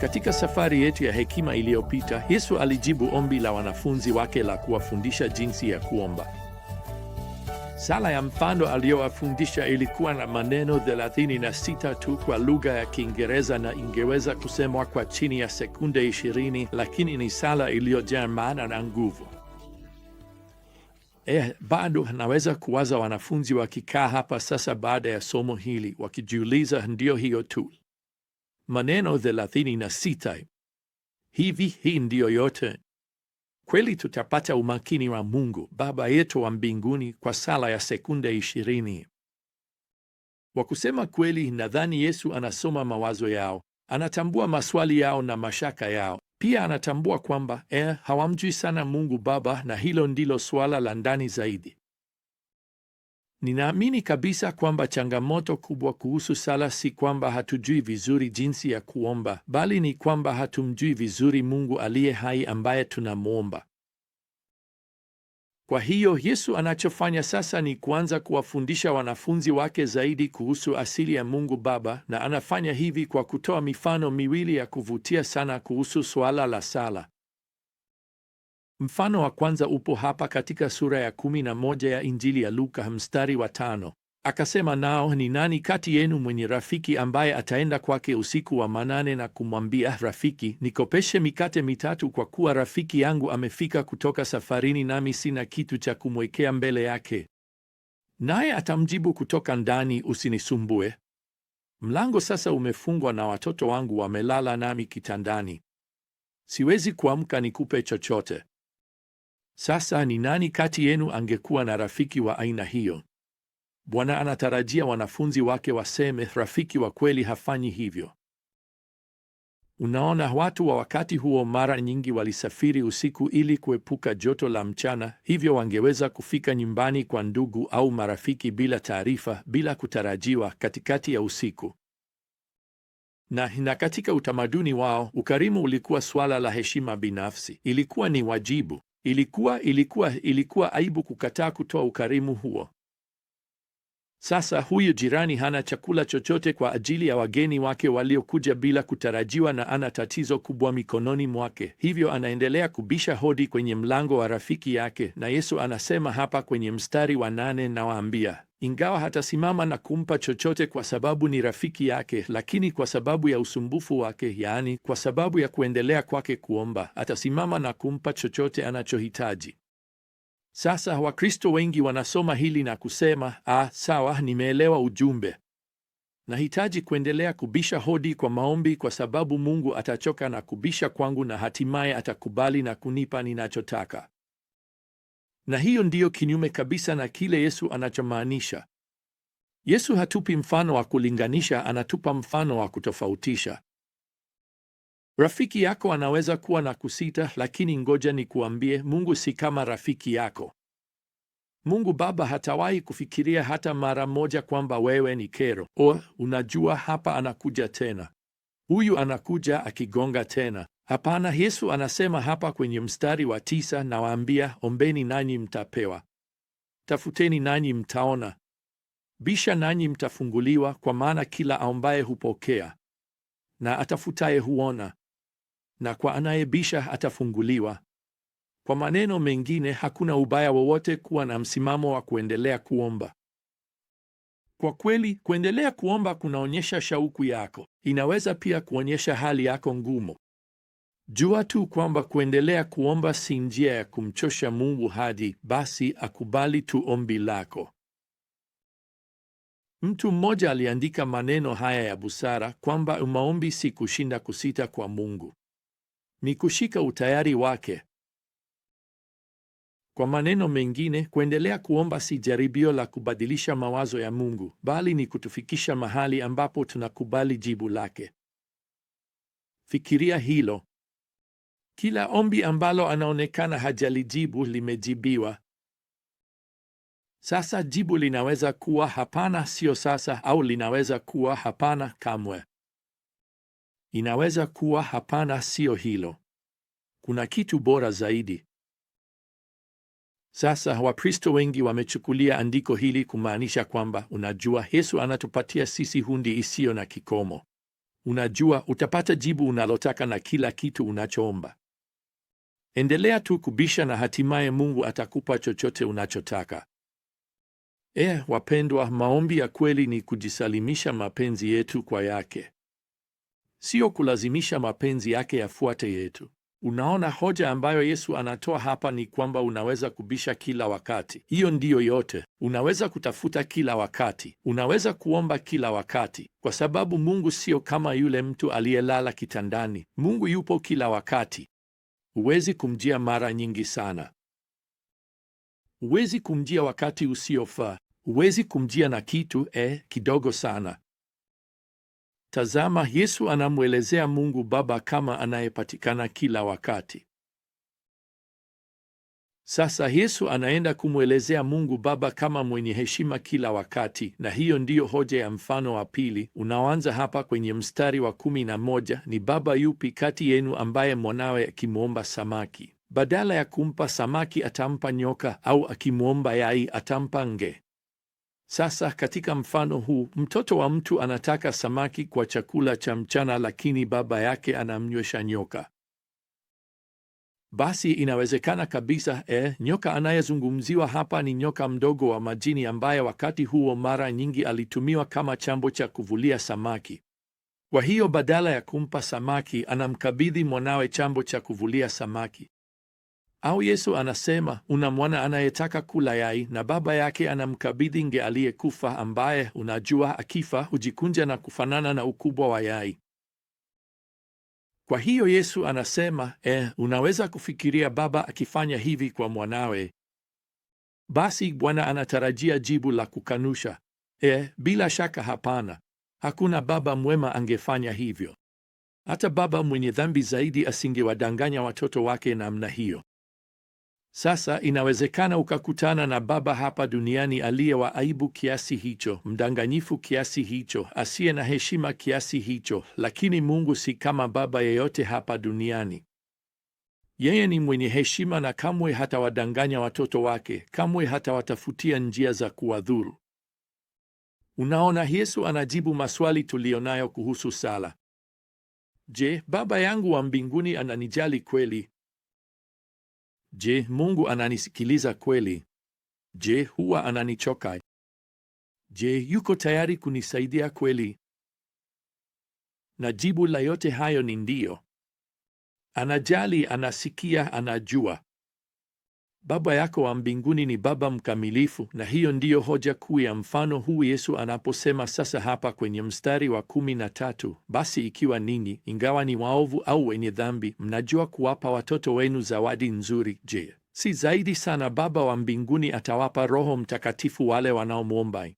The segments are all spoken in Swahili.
Katika safari yetu ya hekima iliyopita, Yesu alijibu ombi la wanafunzi wake la kuwafundisha jinsi ya kuomba. Sala ya mfano aliyowafundisha ilikuwa na maneno 36 tu kwa lugha ya Kiingereza na ingeweza kusemwa kwa chini ya sekunde 20, lakini ni sala iliyojaa maana na nguvu. Eh, bado naweza kuwaza wanafunzi wakikaa hapa sasa baada ya somo hili wakijiuliza, ndio hiyo tu, maneno za na sita. Hivi hii ndiyo yote kweli tutapata umakini wa Mungu Baba yetu wa mbinguni kwa sala ya sekunde ishirini. Wa kusema kweli, nadhani Yesu anasoma mawazo yao, anatambua maswali yao na mashaka yao. Pia anatambua kwamba eh, hawamjui sana Mungu Baba, na hilo ndilo suala la ndani zaidi Ninaamini kabisa kwamba changamoto kubwa kuhusu sala si kwamba hatujui vizuri jinsi ya kuomba, bali ni kwamba hatumjui vizuri Mungu aliye hai ambaye tunamwomba. Kwa hiyo Yesu anachofanya sasa ni kuanza kuwafundisha wanafunzi wake zaidi kuhusu asili ya Mungu Baba, na anafanya hivi kwa kutoa mifano miwili ya kuvutia sana kuhusu suala la sala. Mfano wa kwanza upo hapa katika sura ya kumi na moja ya Injili ya Luka mstari wa tano. Akasema nao, ni nani kati yenu mwenye rafiki ambaye ataenda kwake usiku wa manane na kumwambia, rafiki, nikopeshe mikate mitatu, kwa kuwa rafiki yangu amefika kutoka safarini, nami sina kitu cha kumwekea mbele yake? Naye atamjibu kutoka ndani, usinisumbue, mlango sasa umefungwa na watoto wangu wamelala nami kitandani, siwezi kuamka nikupe chochote. Sasa ni nani kati yenu angekuwa na rafiki wa aina hiyo? Bwana anatarajia wanafunzi wake waseme, rafiki wa kweli hafanyi hivyo. Unaona, watu wa wakati huo mara nyingi walisafiri usiku ili kuepuka joto la mchana, hivyo wangeweza kufika nyumbani kwa ndugu au marafiki bila taarifa, bila kutarajiwa, katikati ya usiku. Na, na katika utamaduni wao ukarimu ulikuwa suala la heshima binafsi, ilikuwa ni wajibu. Ilikuwa ilikuwa ilikuwa aibu kukataa kutoa ukarimu huo. Sasa huyu jirani hana chakula chochote kwa ajili ya wageni wake waliokuja bila kutarajiwa, na ana tatizo kubwa mikononi mwake. Hivyo anaendelea kubisha hodi kwenye mlango wa rafiki yake, na Yesu anasema hapa kwenye mstari wa nane, nawaambia ingawa hatasimama na kumpa chochote kwa sababu ni rafiki yake, lakini kwa sababu ya usumbufu wake, yaani kwa sababu ya kuendelea kwake kuomba, atasimama na kumpa chochote anachohitaji. Sasa Wakristo wengi wanasoma hili na kusema ah, sawa, nimeelewa ujumbe, nahitaji kuendelea kubisha hodi kwa maombi, kwa sababu Mungu atachoka na kubisha kwangu, na hatimaye atakubali na kunipa ninachotaka na hiyo ndiyo kinyume kabisa na kile Yesu anachomaanisha. Yesu hatupi mfano wa kulinganisha, anatupa mfano wa kutofautisha. Rafiki yako anaweza kuwa na kusita, lakini ngoja nikuambie, Mungu si kama rafiki yako. Mungu Baba hatawahi kufikiria hata mara moja kwamba wewe ni kero. O, oh, unajua, hapa anakuja tena, huyu anakuja akigonga tena. Hapana, Yesu anasema hapa kwenye mstari wa tisa, nawaambia ombeni nanyi mtapewa, tafuteni nanyi mtaona, bisha nanyi mtafunguliwa, kwa maana kila aombaye hupokea, na atafutaye huona, na kwa anayebisha atafunguliwa. Kwa maneno mengine, hakuna ubaya wowote kuwa na msimamo wa kuendelea kuomba. Kwa kweli, kuendelea kuomba kunaonyesha shauku yako. Inaweza pia kuonyesha hali yako ngumu. Jua tu kwamba kuendelea kuomba si njia ya kumchosha Mungu hadi basi akubali tu ombi lako. Mtu mmoja aliandika maneno haya ya busara kwamba maombi si kushinda kusita kwa Mungu, ni kushika utayari wake. Kwa maneno mengine, kuendelea kuomba si jaribio la kubadilisha mawazo ya Mungu, bali ni kutufikisha mahali ambapo tunakubali jibu lake. Fikiria hilo. Kila ombi ambalo anaonekana hajalijibu limejibiwa. Sasa jibu linaweza kuwa hapana, sio sasa, au linaweza kuwa hapana, kamwe. Inaweza kuwa hapana, sio hilo, kuna kitu bora zaidi. Sasa Wakristo wengi wamechukulia andiko hili kumaanisha kwamba, unajua, Yesu anatupatia sisi hundi isiyo na kikomo. Unajua, utapata jibu unalotaka na kila kitu unachoomba. Endelea tu kubisha na hatimaye Mungu atakupa chochote unachotaka. E, wapendwa, maombi ya kweli ni kujisalimisha mapenzi yetu kwa yake, sio kulazimisha mapenzi yake yafuate yetu. Unaona, hoja ambayo Yesu anatoa hapa ni kwamba unaweza kubisha kila wakati. Hiyo ndiyo yote. Unaweza kutafuta kila wakati, unaweza kuomba kila wakati, kwa sababu Mungu sio kama yule mtu aliyelala kitandani. Mungu yupo kila wakati. Huwezi kumjia mara nyingi sana. Huwezi kumjia wakati usiofaa. Huwezi kumjia na kitu eh, kidogo sana. Tazama, Yesu anamwelezea Mungu Baba kama anayepatikana kila wakati. Sasa Yesu anaenda kumwelezea Mungu Baba kama mwenye heshima kila wakati, na hiyo ndiyo hoja ya mfano wa pili unaoanza hapa kwenye mstari wa kumi na moja. Ni baba yupi kati yenu ambaye mwanawe akimwomba samaki badala ya kumpa samaki atampa nyoka, au akimwomba yai atampa nge? Sasa katika mfano huu, mtoto wa mtu anataka samaki kwa chakula cha mchana, lakini baba yake anamnywesha nyoka. Basi inawezekana kabisa eh, nyoka anayezungumziwa hapa ni nyoka mdogo wa majini ambaye wakati huo mara nyingi alitumiwa kama chambo cha kuvulia samaki. Kwa hiyo badala ya kumpa samaki, anamkabidhi mwanawe chambo cha kuvulia samaki. Au Yesu anasema una mwana anayetaka kula yai, na baba yake anamkabidhi nge aliyekufa, ambaye unajua, akifa hujikunja na kufanana na ukubwa wa yai. Kwa hiyo Yesu anasema e unaweza kufikiria baba akifanya hivi kwa mwanawe? Basi Bwana anatarajia jibu la kukanusha e bila shaka hapana. Hakuna baba mwema angefanya hivyo. Hata baba mwenye dhambi zaidi asingewadanganya watoto wake namna hiyo. Sasa inawezekana ukakutana na baba hapa duniani aliye wa aibu kiasi hicho, mdanganyifu kiasi hicho, asiye na heshima kiasi hicho, lakini Mungu si kama baba yeyote hapa duniani. Yeye ni mwenye heshima na kamwe hatawadanganya watoto wake, kamwe hatawatafutia njia za kuwadhuru. Unaona, Yesu anajibu maswali tuliyonayo kuhusu sala. Je, Baba yangu wa mbinguni ananijali kweli? Je, Mungu ananisikiliza kweli? Je, huwa ananichoka? Je, yuko tayari kunisaidia kweli? Na jibu la yote hayo ni ndiyo. Anajali, anasikia, anajua. Baba yako wa mbinguni ni Baba mkamilifu, na hiyo ndiyo hoja kuu ya mfano huu Yesu anaposema sasa hapa kwenye mstari wa kumi na tatu, basi ikiwa ninyi, ingawa ni waovu au wenye dhambi, mnajua kuwapa watoto wenu zawadi nzuri, je, si zaidi sana Baba wa mbinguni atawapa Roho Mtakatifu wale wanaomwomba?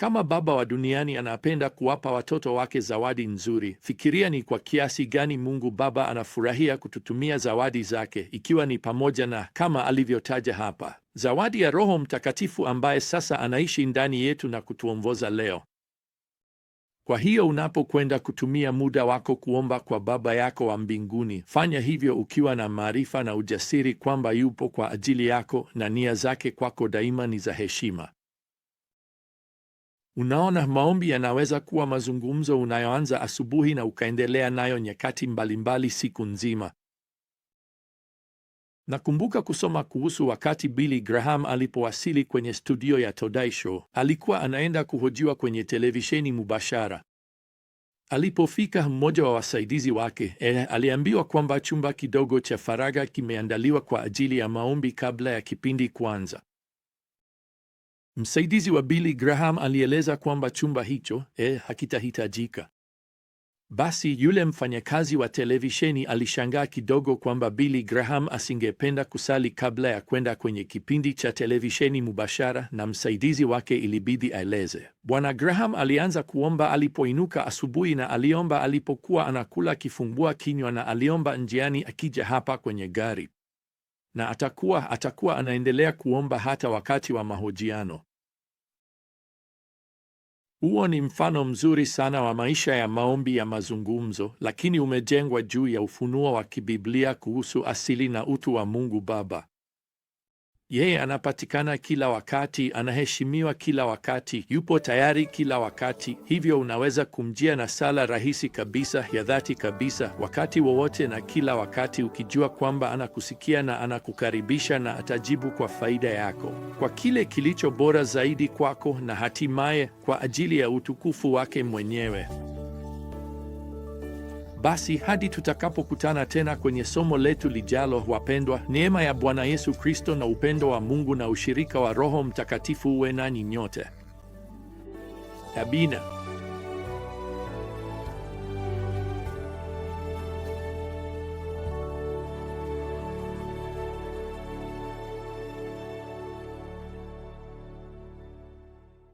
Kama Baba wa duniani anapenda kuwapa watoto wake zawadi nzuri, fikiria ni kwa kiasi gani Mungu Baba anafurahia kututumia zawadi zake, ikiwa ni pamoja na kama alivyotaja hapa, zawadi ya Roho Mtakatifu ambaye sasa anaishi ndani yetu na kutuongoza leo. Kwa hiyo unapokwenda kutumia muda wako kuomba kwa Baba yako wa mbinguni, fanya hivyo ukiwa na maarifa na ujasiri kwamba yupo kwa ajili yako na nia zake kwako daima ni za heshima. Unaona, maombi yanaweza kuwa mazungumzo unayoanza asubuhi na ukaendelea nayo nyakati mbalimbali siku nzima. Nakumbuka kusoma kuhusu wakati Billy Graham alipowasili kwenye studio ya Today Show, alikuwa anaenda kuhojiwa kwenye televisheni mubashara. Alipofika, mmoja wa wasaidizi wake eh, aliambiwa kwamba chumba kidogo cha faraga kimeandaliwa kwa ajili ya maombi kabla ya kipindi kuanza. Msaidizi wa Billy Graham alieleza kwamba chumba hicho eh, hakitahitajika. Basi yule mfanyakazi wa televisheni alishangaa kidogo kwamba Billy Graham asingependa kusali kabla ya kwenda kwenye kipindi cha televisheni mubashara, na msaidizi wake ilibidi aeleze. Bwana Graham alianza kuomba alipoinuka asubuhi, na aliomba alipokuwa anakula kifungua kinywa, na aliomba njiani akija hapa kwenye gari, na atakuwa atakuwa anaendelea kuomba hata wakati wa mahojiano. Huo ni mfano mzuri sana wa maisha ya maombi ya mazungumzo, lakini umejengwa juu ya ufunuo wa kibiblia kuhusu asili na utu wa Mungu Baba. Yeye anapatikana kila wakati, anaheshimiwa kila wakati, yupo tayari kila wakati. Hivyo unaweza kumjia na sala rahisi kabisa ya dhati kabisa, wakati wowote na kila wakati, ukijua kwamba anakusikia na anakukaribisha na atajibu kwa faida yako, kwa kile kilicho bora zaidi kwako, na hatimaye kwa ajili ya utukufu wake mwenyewe. Basi hadi tutakapokutana tena kwenye somo letu lijalo, wapendwa, neema ya Bwana Yesu Kristo na upendo wa Mungu na ushirika wa Roho Mtakatifu uwe nanyi nyote. Amina.